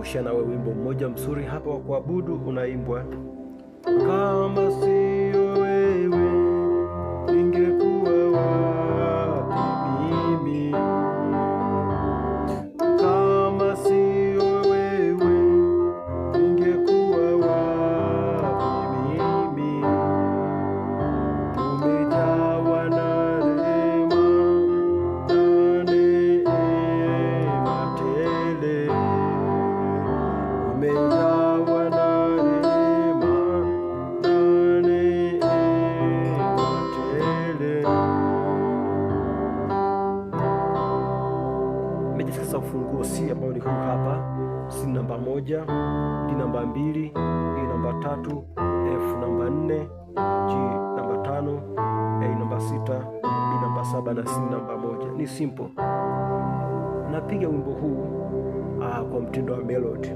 nitakushia nawe wimbo mmoja mzuri hapa wa kuabudu unaimbwa kama si kosi ambayo ni huu hapa C namba moja, D namba mbili, E namba tatu, F namba nne, G namba tano, A namba sita, B namba saba na C namba moja. Ni simple. Napiga wimbo huu uh, kwa mtindo wa melody.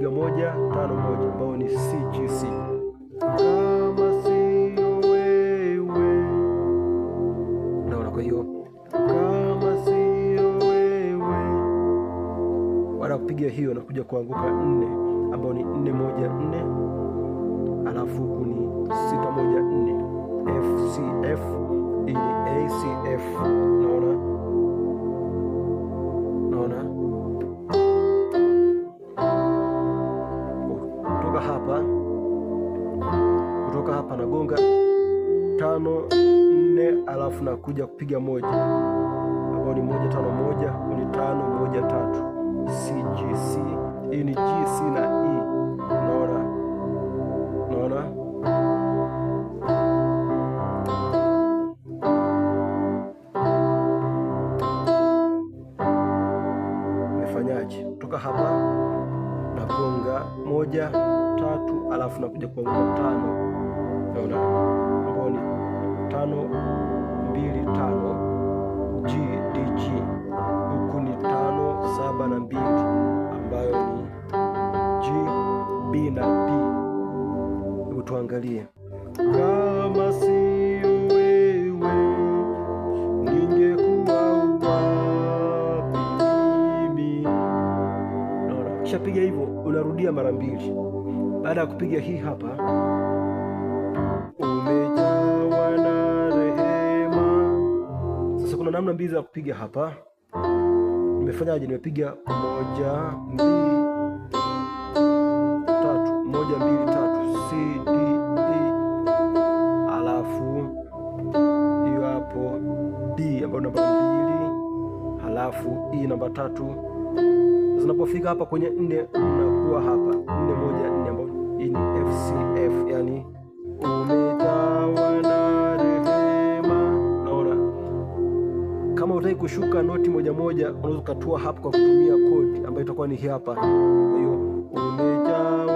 piga moja tano moja ambao ni CGC. Kama si wewe, naona. Kwa hiyo kama si wewe, baada ya kupiga hiyo nakuja kuanguka nne, ambao ni nne moja nne, alafu huku ni sita moja nne, F C F ili e A C F, naona kutoka hapa nagonga tano nne, alafu nakuja kupiga moja ambayo ni moja tano moja, ni tano moja tatu, C G C. Hii ni G C na E, unaona unaona kutoka hapa kugonga moja tatu, alafu unakuja kuanguka tano, naona ambao ni tano mbili tano G D G. Huku ni tano saba na mbili ambayo ni G B na D. Hebu tuangalie. Ukishapiga hivyo unarudia mara mbili. Baada ya kupiga hii hapa, umejawa na rehema. Sasa kuna namna mbili za kupiga hapa. Nimefanyaje? Nimepiga moja mbili tatu, moja mbili tatu, C D e. alafu hiyo hapo D ambayo namba mbili, halafu E namba tatu tunapofika hapa kwenye nne unakuwa hapa nne moja nne ambao hii ni FCF, yani umetawa na rehema. Naona kama utaki kushuka noti moja moja, unaweza ukatua hapa kwa kutumia kodi ambayo itakuwa ni hii hapa, kwa hiyo umetawa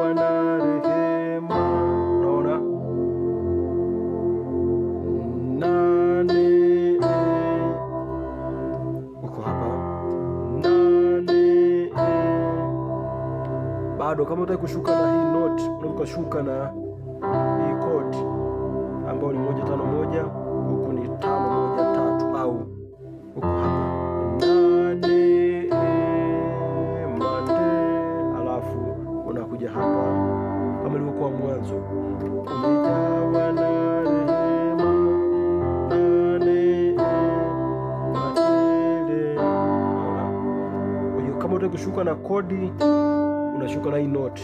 kama unataka kushuka na hii note, unaweza kushuka na hii chord ambayo ni moja tano moja, huku ni tano moja tatu, au huku hapa mate, eh, alafu unakuja hapa kama ilivyokuwa mwanzo eh, kama na kodi unashuka na hii note,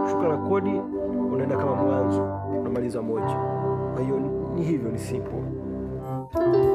unashuka na kodi, unaenda kama mwanzo, unamaliza moja. Kwa hiyo ni hivyo, ni simple.